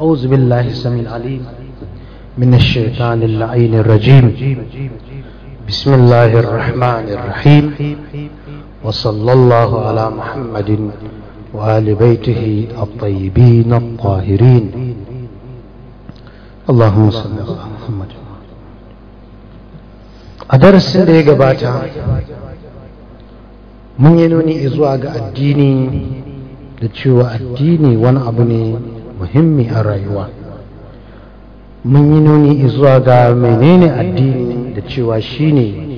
أعوذ بالله السميع العليم من الشيطان اللعين الرجيم بسم الله الرحمن الرحيم وصلى الله على محمد وآل بيته الطيبين الطاهرين اللهم صل على محمد أدرسنا باتا من ينوني إزواج الديني لتشوى الديني وأنا أبني muhimmi a rayuwa mun yi nuni zuwa ga menene addini da cewa shine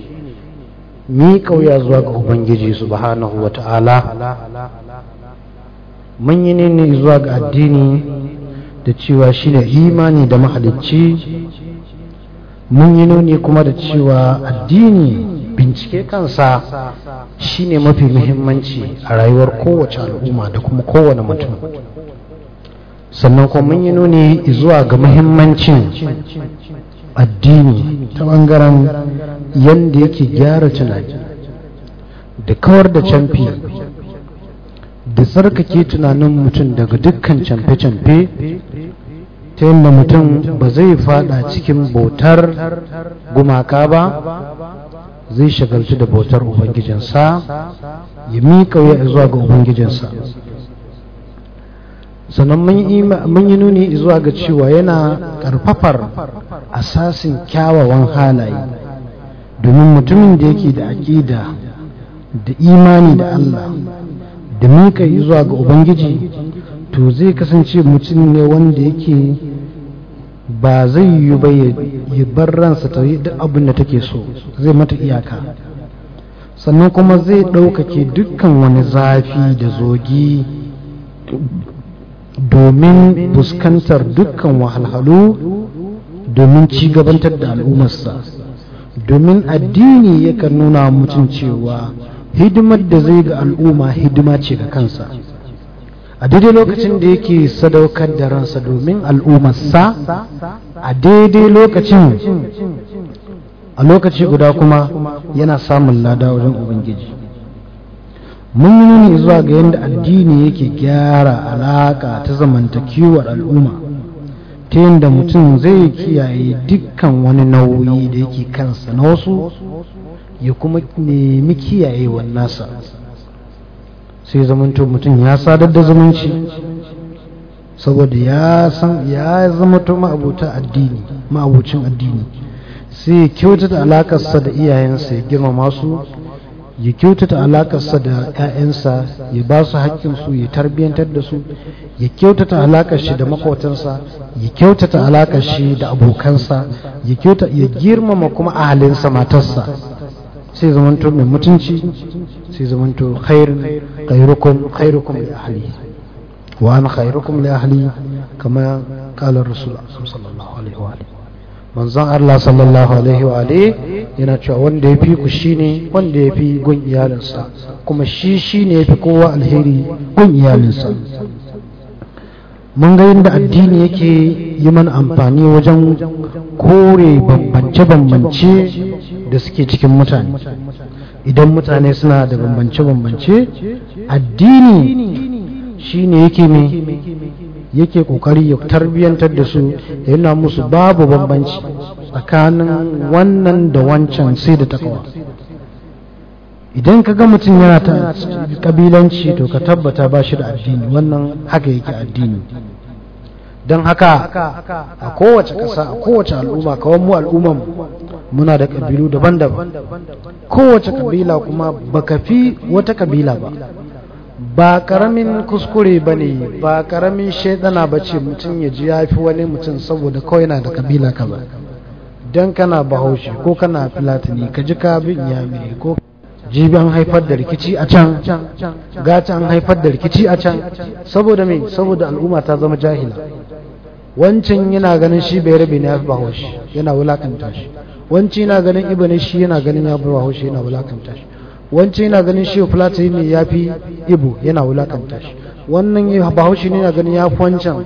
ni kauya zuwa ga ubangiji subhanahu wata'ala mun yi nuni zuwa ga addini da cewa shine imani da mahalicci mun yi nuni kuma da cewa addini bincike kansa shine mafi muhimmanci a rayuwar kowace al'umma da kuma kowane mutum sannan kuma mun yi nuni zuwa ga muhimmancin addini ta bangaren yadda yake gyara tunani da kawar da camfi da tsarkake tunanin mutum daga dukkan camfe-camfe ta yadda mutum ba zai fada cikin bautar gumaka ba zai shagaltu da bautar ubangijinsa ya miƙa ya zuwa ga ubangijinsa sannan mun yi nuni zuwa ga cewa yana karfafar asasin kyawawan halaye domin mutumin da yake da aƙida da imani da Allah da mika zuwa ga ubangiji to zai kasance mutum ne wanda yake ba zai yi ba ya bar ransa ta yi duk abin da take so zai mata iyaka sannan kuma zai ɗaukake dukkan wani zafi da zogi domin fuskantar dukkan wahalhalu domin ci gabantar da al'ummarsa domin addini yakan nuna mutum cewa hidimar da zai ga al'umma hidima ce ga kansa a daidai lokacin da yake sadaukar da ransa domin al'ummarsa a daidai lokacin a lokaci guda kuma yana samun lada wajen ubangiji mun yi nuni zuwa ga yadda addini yake gyara alaƙa ta zamantakewar al'umma ta yadda mutum zai kiyaye dukkan wani nauyi da yake kansa na wasu ya kuma nemi kiyayewar nasa sai zamanto mutum ya sadar da zumunci saboda ya san ya zamanto ma'abuta addini ma'abucin addini sai kyautata alakarsa da iyayensa ya girmama su ya kyautata alakarsa da 'ya'yansa ya ba su haƙƙinsu ya tarbiyyantar da su ya kyautata alakar shi da makotansa ya kyautata alakar shi da abokansa ya ya girmama kuma ahalinsa matarsa sai zamanto mai mutunci sai zamanto khairun khairukum khairukum li wa an khairukum li ahli kama kalar rasul sallallahu alaihi wa alihi manzon Allah sallallahu alaihi wa alihi yana cewa wanda ya fi ku shine wanda ya fi gun iyalinsa kuma shi shine yafi kowa alheri gun iyalinsa mun ga yadda addini yake yi mana amfani wajen kore bambance-bambance da suke cikin mutane idan mutane suna da bambance-bambance addini shine yake mai. yake kokari ya tarbiyantar da su da yana musu babu bambanci tsakanin wannan da wancan sai da takawa idan ka ga mutum yana ta kabilanci to ka tabbata ba shi da addini wannan haka yake addini don haka a kowace ƙasa a kowace al'umma kawai mu al'umman muna da kabilu daban-daban kowace kabila kuma baka fi wata kabila ba ba karamin kuskure ba ne ba karamin shaidana ba ce mutum ya ji ya fi wani mutum saboda kawai na da kabila ka ba don kana bahaushe ko kana filatini ka ji ka bin yamiri ko jiban haifar da rikici a can gata an haifar da rikici a can saboda me saboda al'umma ta zama jahila wancan yana ganin shi bai rabe ne ya fi bahaushe yana wulakanta shi wancan yana ganin ibane shi yana ganin ya fi bahaushe yana wulakanta shi wancan yana ganin shi platin ne ya fi ibo yana wulakanta shi wannan bahaushe ne yana ganin ya fi wancan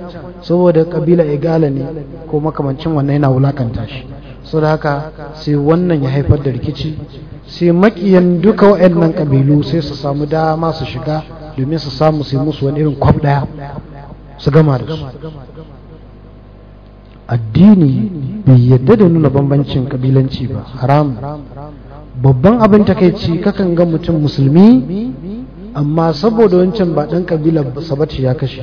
saboda kabila igala ne ko makamancin wannan yana wulakanta shi sau da haka sai wannan ya haifar da rikici sai makiyan duka waɗannan kabilu sai su samu dama su shiga domin su samu sai musu wani irin kwab ɗaya su gama da su addini bai yadda da nuna bambancin kabilanci ba haram babban abin takaici kakan ga mutum musulmi amma saboda wancan ba ɗan ƙabila sabata ya kashe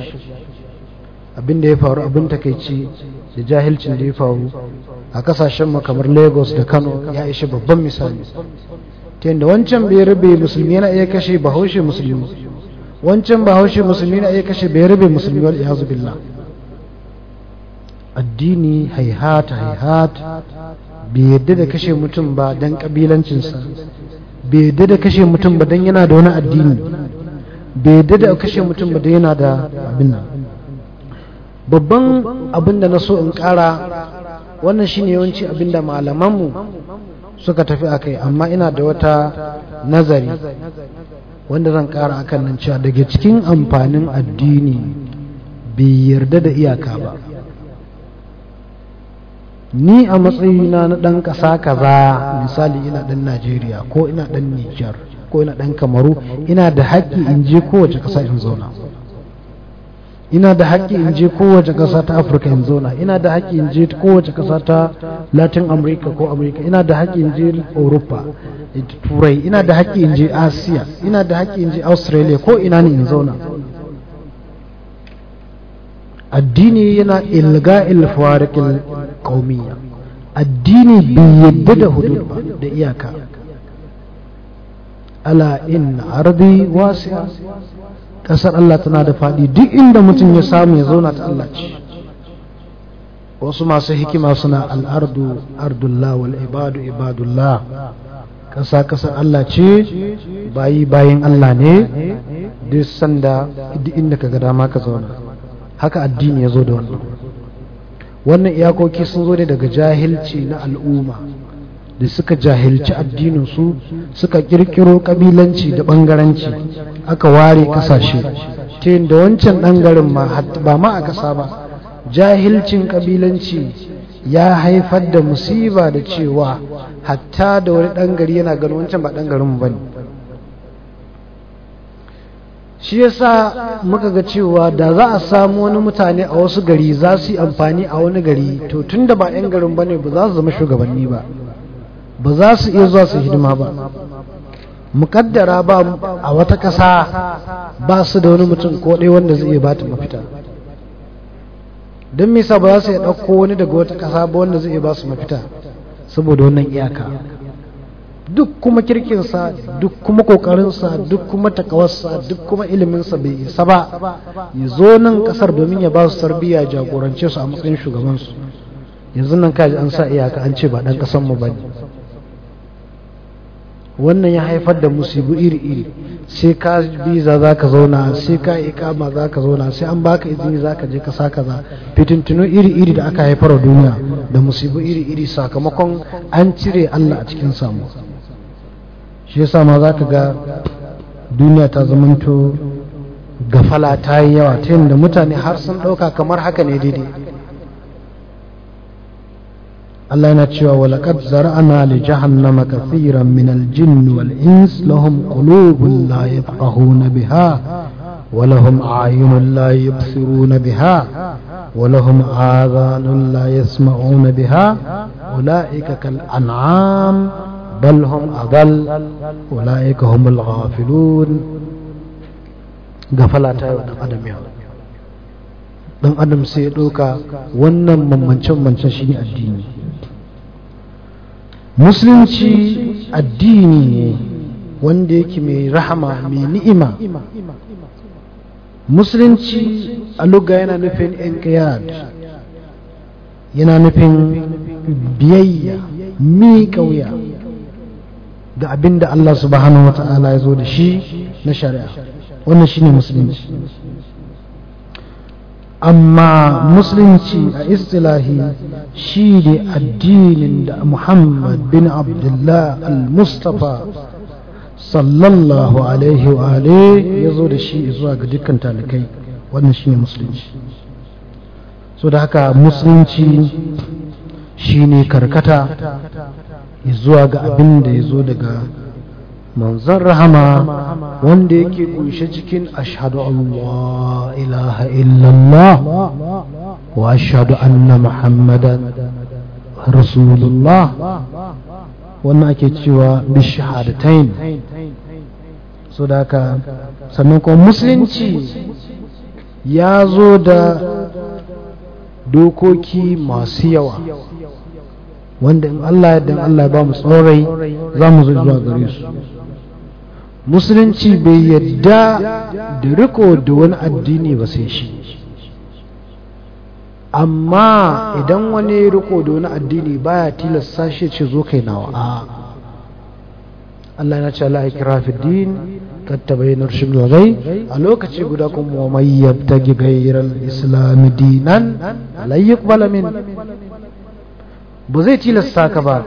abin da ya faru abin takaici da jahilcin da ya faru a kasashen kamar lagos da kano ya ishe babban misali ta yadda wancan bai rabe musulmi yana iya kashe bahaushe musulmi wancan bahaushe musulmi yana iya kashe bai rabe musulmi wal iyazu billah addini haihat haihat bai yadda da kashe mutum ba don kabilancinsa, bai yadda da kashe mutum ba don yana da wani addini bai yadda da kashe mutum ba don yana da abin nan babban abin da na so in ƙara wannan shine yawanci abin da malamanmu suka tafi a kai amma ina da wata nazari wanda zan ƙara akan nan cewa daga cikin amfanin addini bai yarda da iyaka ba ni a matsayina na ɗan ƙasa kaza misali ina ɗan najeriya ko ina ɗan nijar ko ina ɗan kamaru ina da haƙƙi in je kowace ƙasa in zauna ina da haƙƙi in je kowace ƙasa ta afirka in zauna ina da haƙƙi in je kowace ƙasa ta latin america ko america ina da haƙƙi in je europa eh, turai ina da haƙƙi in je asiya ina da haƙƙi in je australia ko ina ne in zauna addini yana ilga ilfarikin kaumiya addini bai yadda da hudud ba da iyaka ala in ardi wasi'a kasar Allah tana da faɗi duk inda mutum ya samu ya zauna ta Allah ce wasu masu hikima suna al'ardu ardullah wal ibadu ibadullah kasa kasar Allah ce bayi bayin Allah ne duk sanda duk inda ka ga dama ka zauna haka addini ya zo da wannan wannan iyakoki sun zo ne daga jahilci na al'umma da suka jahilci addininsu suka kirkiro kabilanci da bangaranci aka ware kasashe ta da wancan ɗangaren ba ma a ƙasa ba jahilcin kabilanci ya haifar da musiba da cewa hatta da wani ɗangare yana ganin wancan ba ɗangaren ba ne shi yasa muka ga cewa da za a samu wani mutane a wasu gari za su yi amfani a wani gari to tun da ba 'yan garin ba ne ba za su zama shugabanni ba ba za su iya zuwa su hidima ba mukaddara ba a wata ƙasa ba su da wani mutum ko ɗaya wanda zai iya bata mafita don misa ba za su iya ɗauko wani daga wata kasa ba wanda zai iya ba su mafita saboda wannan iyaka duk kuma kirkinsa duk kuma kokarinsa duk kuma takawarsa duk kuma iliminsa bai isa ba ya zo nan kasar domin ya ba su ya jagorance su a matsayin shugabansu yanzu nan kaji an sa iyaka an ce ba dan kasan ba ne. wannan ya haifar da musibu iri-iri sai ka biza za ka zauna sai ka ikama za ka zauna sai an baka izini za ka je ka sa kaza fitintunu iri-iri da aka haifar duniya da musibu iri-iri sakamakon an cire allah a cikin samuwa shi yasa ma za ka ga duniya ta zamanto gafala ta yi yawa ta yadda mutane har sun ɗauka kamar haka ne daidai Allah yana cewa walaqad zar'ana li jahannama kathiran min al-jinn wal ins lahum qulubun la yafqahuna biha wa lahum a'yunun la yubsiruna biha wa lahum adhanun la yasma'una biha ulaika kal an'am بل هم أضل أولئك هم الغافلون غفلة ودم أدم يوم dan adam sai ya ɗauka wannan mammancen-mancen shi ne addini musulunci addini ne wanda yake mai rahama mai ni'ima musulunci a lugha yana nufin inqiyad yana nufin biyayya mi kauya da abin da Allah subhanahu wata'ala ya zo da shi na shari'a wannan shine musulunci amma musulunci a istilahi shi ne addinin da muhammad bin abdullah al-mustapha sallallahu alaihi wa ya zo da shi zuwa ga dukkan talikai wannan shi ne musulunci so da haka musulunci shi ne karkata zuwa ga abin da ya zo daga manzan rahama wanda yake kunshe cikin ashadu Allah ilaha illallah wa ashadu anna muhammadan rasulullah wannan ake cewa bishahadatain so da haka sannan kuma musulunci ya zo da dokoki masu yawa wanda in Allah ya dan Allah ba mu tsorai za mu zuwa gare su musulunci bai yadda da riko da wani addini ba sai shi amma idan wani riko da wani addini baya tilasta shi ce zo kai nawa a Allah ya ce Allah kira fi din tattabai na rushin lagai a lokaci guda kuma wa mai yabta gigayyar islam dinan alayyuk balamin ba zai tilasta ka ba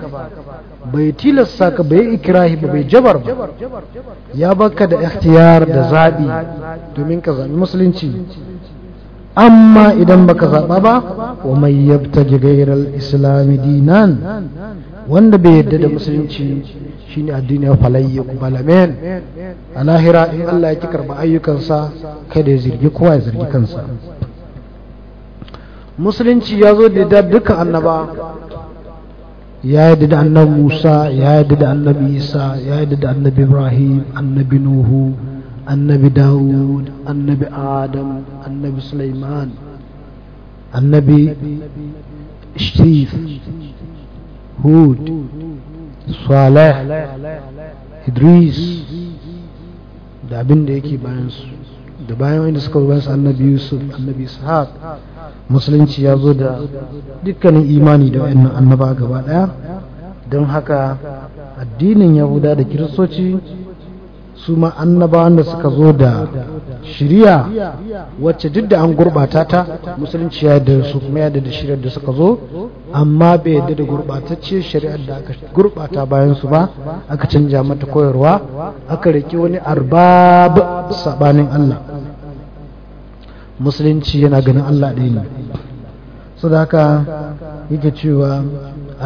bai tilasta ka bai ikirahi ba bai jabar ba ya baka da ikhtiyar da zaɓi domin ka zabi musulunci amma idan baka zaɓa ba wa mai yabta gairar islami dinan wanda bai yadda da musulunci shine addini ya falayya kubalamen a lahira in Allah ya ki karɓi ayyukansa kada ya zirgi kowa ya zirgi kansa musulunci ya zo da dukkan annaba يا دد أن موسى يا دد أن عيسى يا دد أن إبراهيم النبي نوح النبي داود النبي آدم النبي سليمان النبي شريف هود صالح إدريس da ديكي بانسو da bayan wanda suka bayan su annabi yusuf annabi Sahab, musulunci ya zo da dukkanin imani da wayannan annaba gaba daya don haka addinin yahuda da kiristoci su ma annabawan da suka zo da shirya wacce duk da an gurbata ta musulunci ya da su kuma ya da shiryar da suka zo amma bai yadda da gurbatacce shari'ar da aka gurbata bayan su ba aka canja mata koyarwa aka rike wani arbab sabanin Allah musulunci yana ganin Allah ɗaya ne haka yake cewa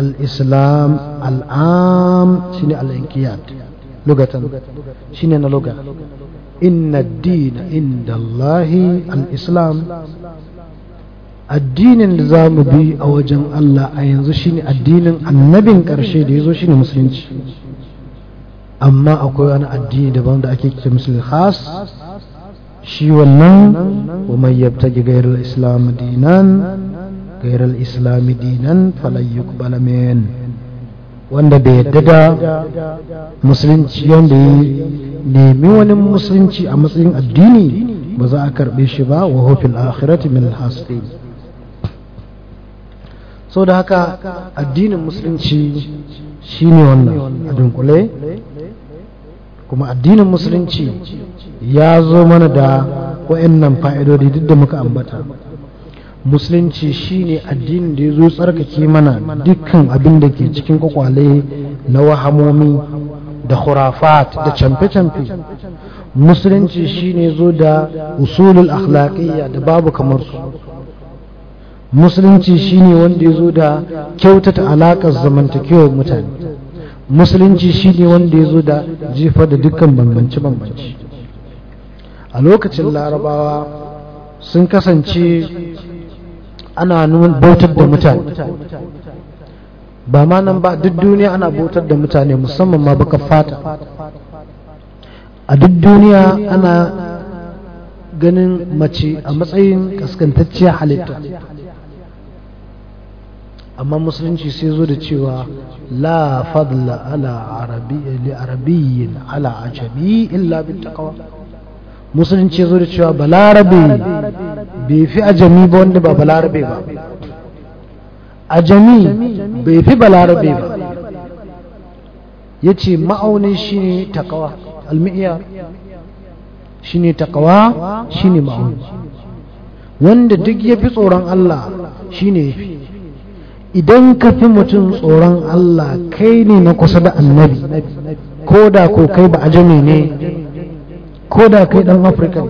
al-islam al'am shi ne al’inkiyat lugatan ne na luga inna dina inda Allahi al-islam addinin da za mu bi a wajen Allah a yanzu shi ne addinin annabin ƙarshe da ya zo ne musulunci amma akwai wani addini daban da ake ke musulun khas shi wannan wa man ji gairar islam dinan gairar islam dinan falan yuqbala min wanda bai yadda da musulunci wanda ya nemi wani musulunci a matsayin addini ba za a karbe shi ba wa hufil akhirati min al so da haka addinin musulunci shine wannan a dunkule kuma addinin musulunci ya zo mana da wa'annan fa'idodi duk da muka ambata musulunci shine addinin da ya zo tsarkake mana dukkan abin da ke cikin kwakwale na wahamomi da khurafat da camfe-camfe musulunci shine zo da usulul akhlaqiyya da babu kamar su musulunci shine wanda ya zo da kyautata alaƙar zamantakewar mutane musulunci shine wanda ya zo da jefa da dukkan bambance-bambance a lokacin larabawa sun kasance ana bautar da mutane ba ma nan ba duk duniya ana bautar da mutane musamman ma baka fata a duk duniya ana ganin mace a matsayin kaskantacciyar halitta amma musulunci sai zo da cewa la fadla ala arabiyyin ala ajabi illa bin takawa musulunci zo da cewa balarabe bai fi ajami ba wanda ba balarabe ba ajami bai fi balarabe ba ya ce ma'aunin shi ne takawa almi'iya shi ne takawa shi ne ma'auni wanda duk ya fi tsoron Allah shi ne ya fi idan ka fi mutum tsoron Allah kai ne na kusa da annabi ko da ko kai ba ajami ne ko da kai dan afirka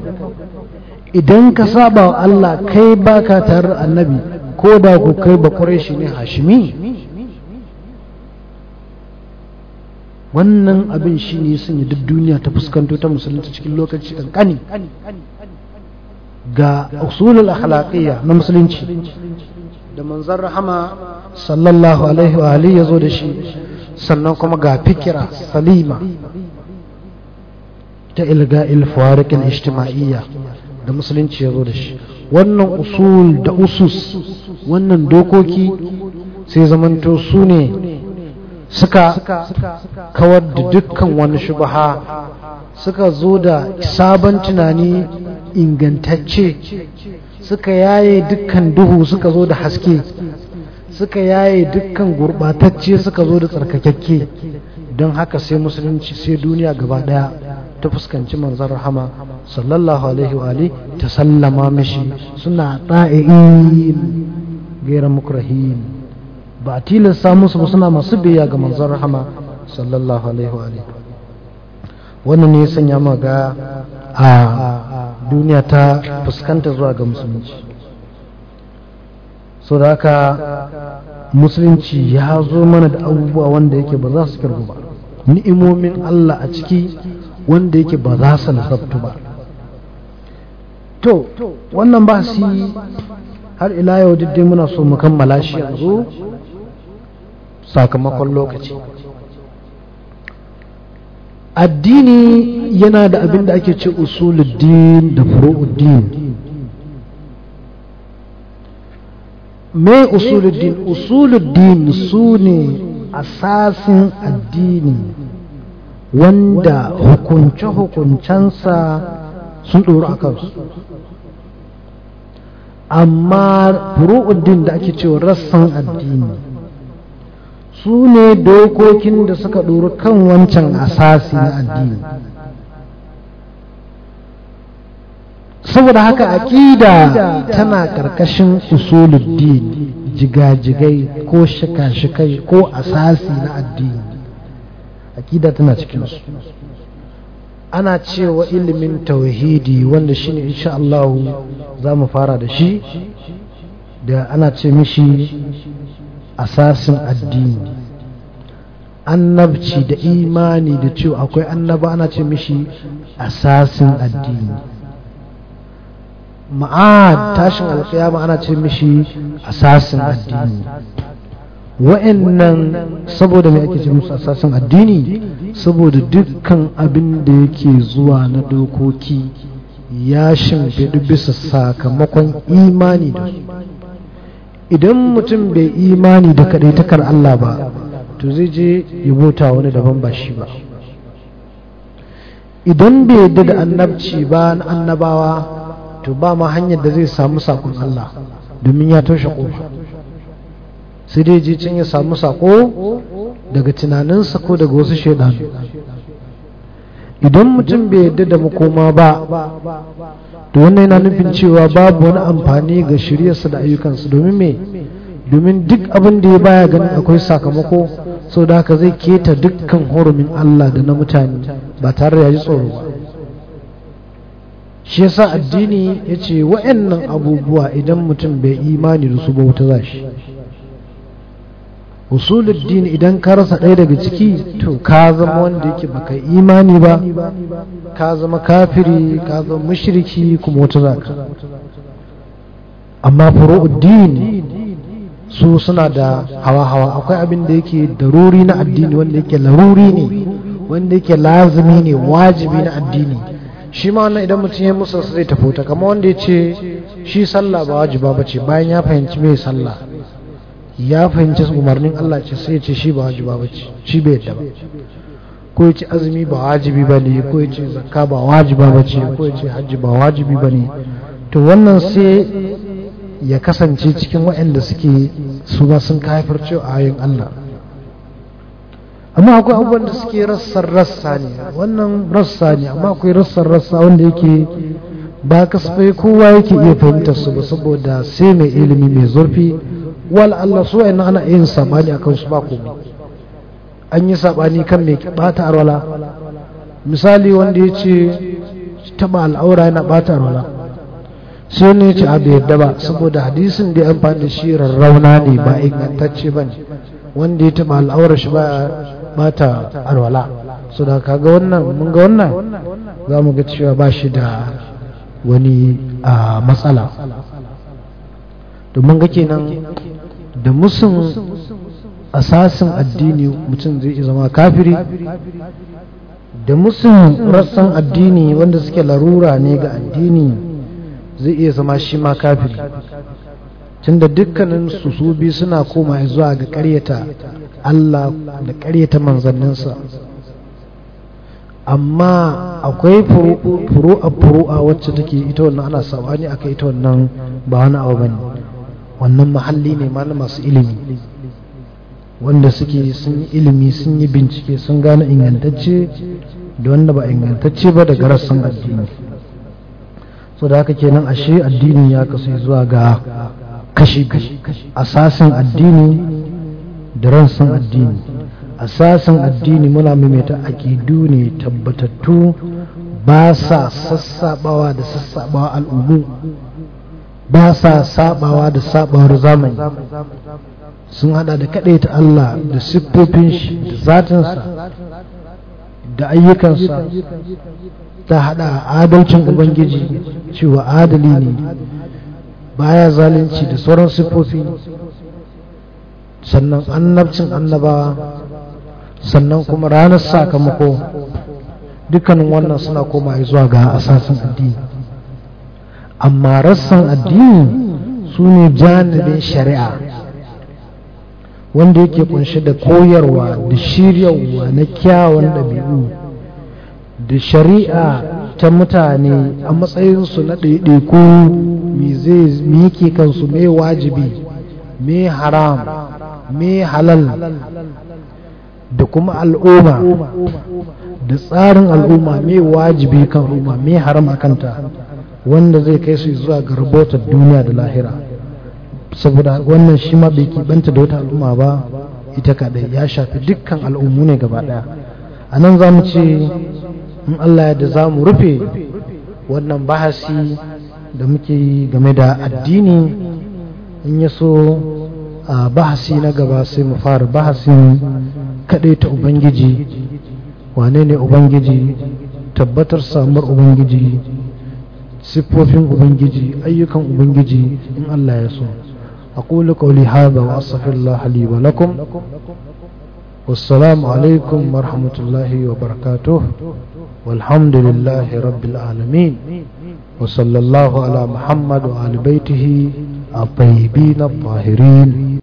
idan ka saba wa Allah kai baka tare annabi ko da ku kai ba shi ne hashimi wannan abin shi ne sun yi duk duniya ta fuskanto ta musulunci cikin lokaci kankani ga usulul akhlaqiyya na musulunci da manzon rahama sallallahu alaihi wa alihi yazo da shi sannan kuma ga fikira salima ta ilga ilfarikin ijtima'iyya da musulunci ya zo da shi wannan usul da usus wannan dokoki sai zamanto su ne suka kawar da dukkan wani shubaha suka zo da sabon tunani ingantacce suka yaye dukkan duhu suka zo da haske suka yaye dukkan gurbatacce suka zo da tsarkakakke don haka sai musulunci sai duniya gaba daya ta fuskanci manzan rahama sallallahu alaihi wa ali ta sallama mishi suna ta'i'in gaira mukrahin ba tilasta musu ba suna masu biya ga manzan rahama sallallahu alaihi wa ali wannan ne ya sanya maga a duniya ta fuskanta zuwa ga musulunci so da haka musulunci ya zo mana da abubuwa wanda yake ba za su kirgu ba ni'imomin Allah a ciki wanda yake ba za su nasabtu ba to wannan ba su har ila yau diddai muna so mu kammala shi yanzu sakamakon lokaci addini yana da abin da ake ce usuluddin da furu'uddin me usuluddin usuluddin su ne asasin addini wanda hukunce-hukuncensa sun ɗoro a kansu amma furu'uddin da ake cewa rassan addini su ne dokokin da suka ɗoro kan wancan asasi na addini saboda haka aƙida tana ƙarƙashin usuluddin jigajigai ko shika-shikai ko asasi na addini akida tana cikin ana cewa ilimin tauhidi wanda shine insha Allah za mu fara da shi da ana ce mishi asasin addini annabci da imani da cewa akwai annaba ana ce mishi asasin addini ma'ad tashin alkiyama ana ce mishi asasin addini wa'annan saboda mai ake cikin musu asasin addini saboda dukkan abin da yake zuwa na dokoki ya shimfiɗi bisa sakamakon imani da su idan mutum bai imani da kaɗaitakar Allah ba to zai je ya bota wani daban ba shi ba idan bai yadda da annabci ba na annabawa to ba ma hanyar da zai samu saƙon Allah domin ya toshe ƙofa sai dai je can ya samu sako daga tunaninsa ko daga wasu shaidan idan mutum bai yadda da makoma ba to wannan yana nufin cewa babu wani amfani ga shiryarsa da ayyukansa domin me domin duk abin da ya baya ganin akwai sakamako sau da haka zai keta dukkan hurumin Allah da na mutane ba tare da ya ji tsoro ba shi yasa addini ya ce wa'annan abubuwa idan mutum bai imani da su bauta za shi usulul din idan ka rasa ɗaya daga ciki to ka zama wanda yake baka imani ba ka zama kafiri ka zama mushriki kuma wata zaka amma furu'ud din su suna da hawa-hawa akwai abin da yake daruri na addini wanda yake laruri ne wanda yake lazimi ne wajibi na addini shi ma wannan idan mutum ya musa zai tafi kama kamar wanda ya ce shi sallah ba wajiba ba ce bayan ya fahimci mai sallah ya fahimci umarnin Allah ce sai ce shi ba wajiba ba ce shi bai yadda ba ko ya ce azumi ba wajibi ba ne ko ya ce zakka ba wajiba ba ce ko ya ce hajji ba wajibi ba ne to wannan sai ya kasance cikin waɗanda suke su ba sun kafar a ayin Allah amma akwai abubuwan da suke rassan rassa ne wannan rassa ne amma akwai rassan rassa wanda yake ba kasafai kowa yake iya fahimtar su ba saboda sai mai ilimi mai zurfi wal Allah su wa'in ana yin sabani a su ba komai an yi sabani kan mai bata arwala misali wanda ya ce taba al'aura yana bata arwala sai ne ya ce abu yadda ba saboda hadisin da an amfani shi rarrauna ne ba ingantacce ba ne wanda ya taba al'aura shi ba bata arwala so da kaga wannan mun ga wannan za mu ga cewa ba shi da wani a ah, matsala domin ga kenan da musun asasin addini mutum zai iya zama kafiri da musun rassan addini wanda suke larura ne ga addini zai iya zama shi ma kafiri tunda dukkanin su su bi suna koma zuwa ga karyata Allah da karyata manzanninsa amma akwai furu'a furu'a wacce take ita wannan ana sabani akai ita wannan ba wani abu bane wannan mahalli ne ma masu ilimi wanda suke sun yi ilimi sun yi bincike sun gane ingantacce da wanda ba ingantacce ba daga rassan addini so da haka kenan ashe addini ya kasu zuwa ga kashi asasin addini da rassan addini asasin addini muna maimaita aƙidu ne tabbatattu ba sa sassabawa da sassabawa al'ummu ba sa sabawa da sabawar zamani sun hada da kaɗai ta Allah da siffofin shi da zatinsa da ayyukansa ta hada adalcin ubangiji cewa adali ne baya zalunci da sauran siffofi sannan annabcin annabawa sannan kuma ranar sakamako dukkanin wannan suna koma zuwa ga asasin addini amma rassan addini su ne janibin shari'a wanda yake kunshi da koyarwa da shiryawa na kyawun ɗabi'u da shari'a ta mutane a matsayinsu na ɗaiɗaiku me yake kansu mai wajibi mai haram mai halal da kuma al'umma da tsarin al'umma mai wajibi kan al'umma mai haram a kanta wanda zai kai su zuwa ga rubutar duniya da lahira saboda wannan shi ma bai kibanta da wata al'umma ba ita kadai ya shafi dukkan al'ummu ne gaba daya a nan za mu ce in allah ya da za mu rufe wannan bahasi da muke yi game da addini in ya so a bahasi na gaba sai mu fara bahasin kaɗai ta ubangiji wane ne ubangiji tabbatar samuwar ubangiji siffofin ubangiji ayyukan ubangiji in Allah ya so a qawli hadha wa astaghfirullah li wa lakum wassalamu alaikum wa rahmatullahi wa barakatuh walhamdulillahi rabbil alamin wa sallallahu ala muhammad wa ali baitihi at-tayyibin